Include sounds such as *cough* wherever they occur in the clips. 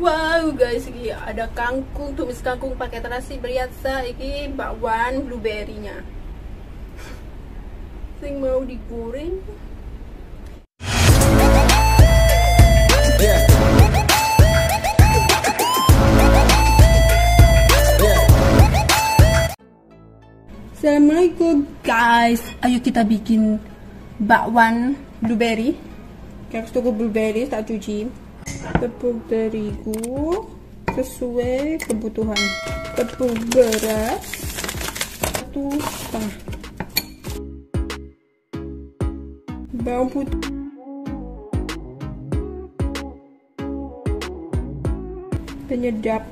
Wow guys, ini ada kangkung, tumis kangkung pakai terasi beriatsa ini bakwan blueberry-nya. Sing mau digoreng. Assalamualaikum guys, ayo kita bikin bakwan blueberry. Kita tunggu blueberry tak cuci tepung terigu sesuai kebutuhan tepung beras satu setengah bawang putih penyedap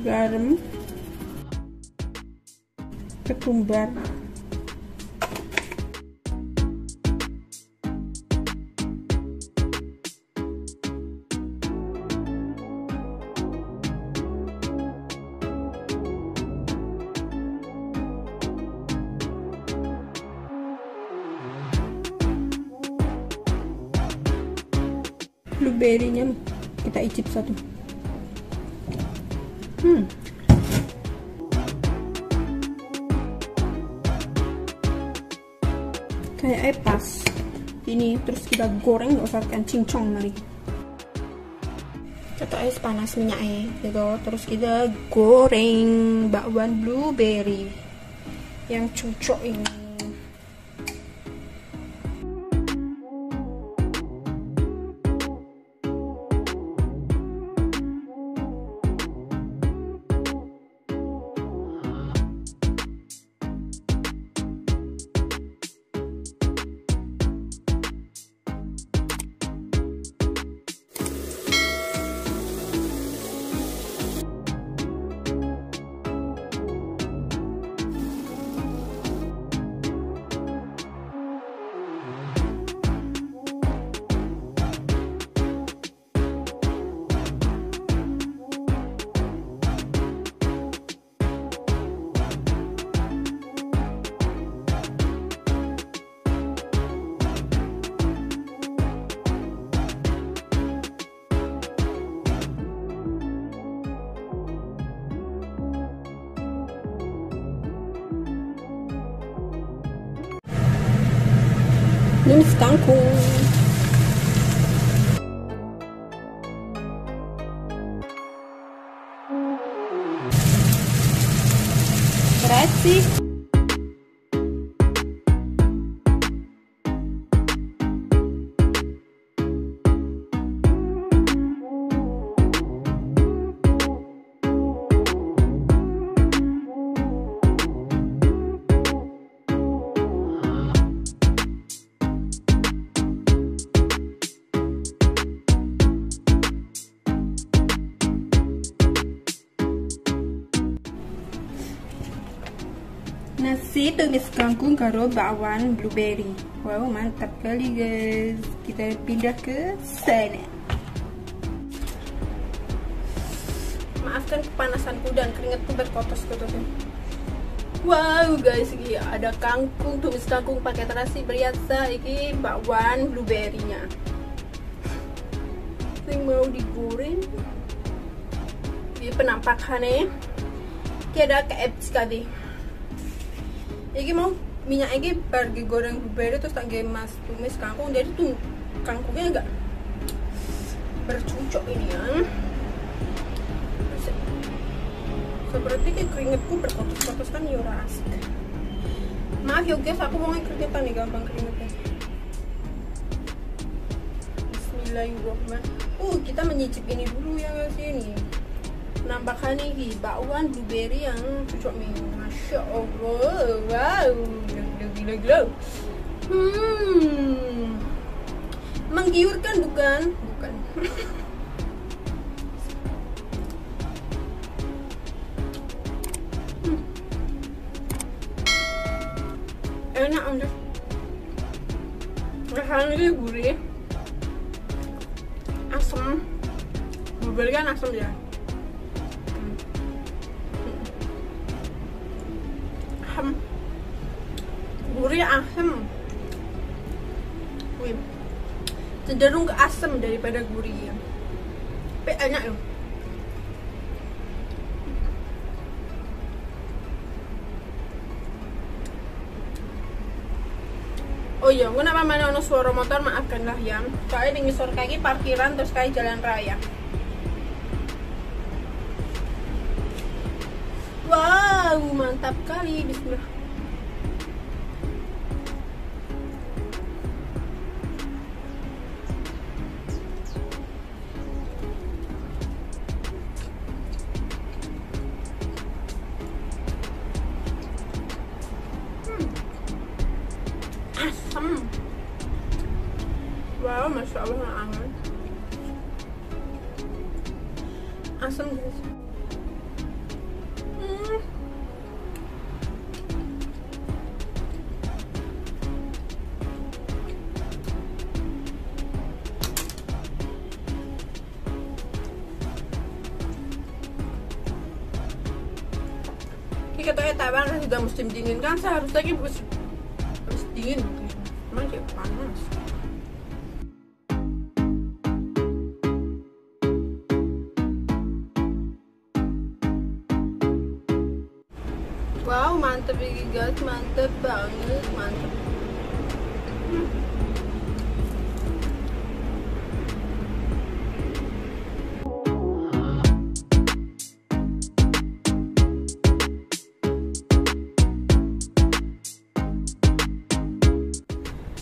garam ketumbar blueberry-nya kita icip satu hmm kayak pas ini terus kita goreng gak usah pakai cincong mari kita es panas ya gitu terus kita goreng bakwan blueberry yang cocok ini Nunif Tanku. Grazie. nasi tumis kangkung karo bakwan blueberry wow mantap kali guys kita pindah ke sana maafkan kepanasanku dan keringatku berkotos-kotosan wow guys ini ada kangkung tumis kangkung pakai terasi beriasa ini bakwan blueberry nya ini mau digoreng ini penampakannya ini ada KFC tadi iki mau minyak iki bar goreng blueberry terus tak mas tumis kangkung jadi tuh kangkungnya agak bercucuk ini ya seperti kayak keringetku berkotus-kotus kan yura ya asik maaf ya guys aku mau keringetan nih gampang keringetnya Bismillahirrahmanirrahim uh kita menyicip ini dulu ya guys ini nambahkan lagi bakwan blueberry yang cucuk ni Masya Allah Wow Gila-gila Hmm Menggiurkan bukan? Bukan hmm. Enak anda Rasanya dia gurih Asam Blueberry kan asam ya gurih asem Wih. cenderung ke asem daripada gurih ya. tapi enak loh ya. Oh iya, kenapa mana ono suara motor maafkan lah ya. Soalnya di ngisor kaki parkiran terus kayak jalan raya. Wow, mantap kali Bismillah. wow masya allah anget asam guys hmm. Ini katanya Taiwan kan sudah musim dingin kan seharusnya ini musim dingin emang kayak panas Wow, mantep ini guys, mantep banget, mantep.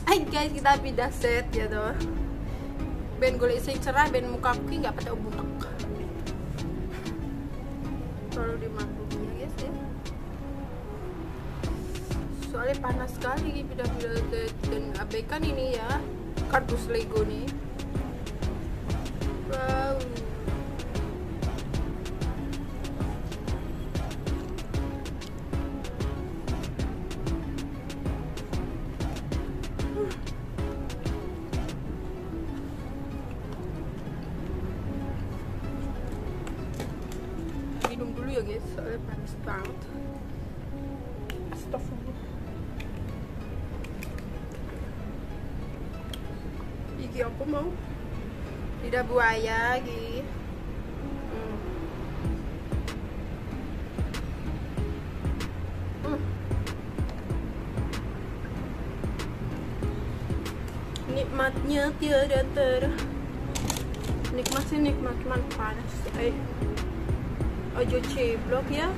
Ayo guys, kita pindah set ya tuh. Ben gulik sing cerah, ben muka aku nggak pada butek. Terlalu dimakan. soalnya panas sekali pindah pindah dan abaikan ini ya kardus Lego nih wow minum dulu ya guys soalnya panas banget Astagfirullah iki apa mau tidak buaya iki hmm. hmm. nikmatnya tiada ter nikmat sih nikmat cuman panas eh ojo ceblok ya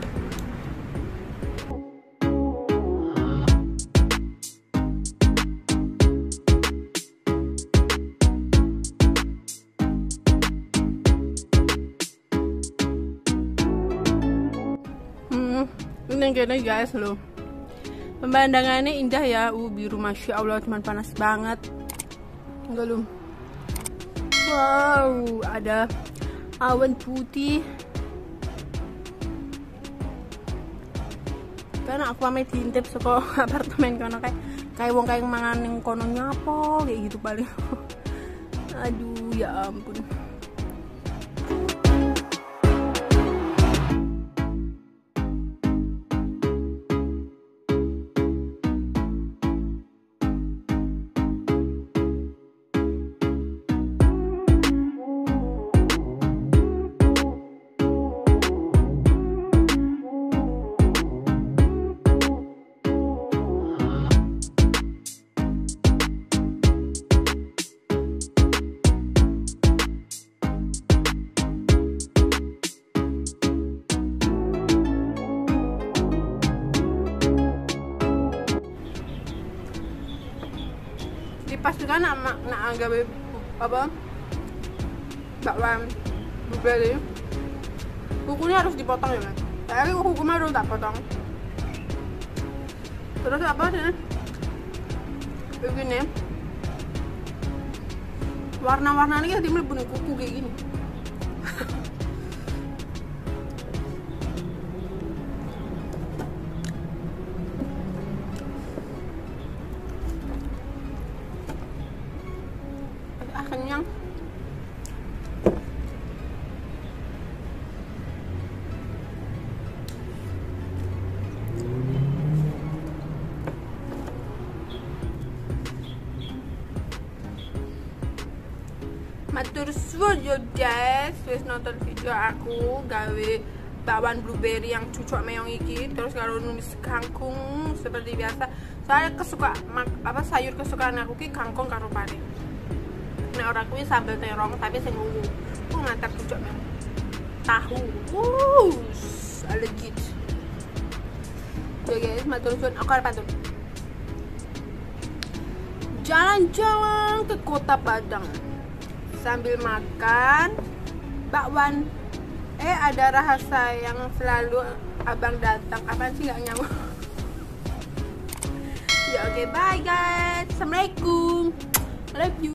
ini kayaknya guys loh pemandangannya indah ya uh biru masya allah cuman panas banget enggak loh wow ada awan putih karena aku ame diintip suka *laughs* apartemen kono kayak kayak wong kayak mangan yang kononnya apa kayak gitu paling *laughs* aduh ya ampun pas juga nak nak, nak anggap apa bakwan blueberry kukunya harus dipotong ya mas saya nah, kuku kuku dulu tak potong terus apa sih begini warna-warna ini kan dimulai kuku kayak gini ah kenyang Matur suwun yo guys, wis nonton video aku gawe bawang blueberry yang cucok meong iki terus kalau numis kangkung seperti biasa. Soalnya kesuka apa sayur kesukaan aku ki kangkung karo pare nek orang kuwi sambel terong tapi sing ungu. Ku ngantar pucuk nang tahu. Wuss, legit. Jadi guys, matur suwun aku arep Jalan-jalan ke Kota Padang sambil makan bakwan. Eh ada rahasia yang selalu abang datang. Apa sih nggak nyamuk? *laughs* ya oke okay, bye guys. Assalamualaikum. love you.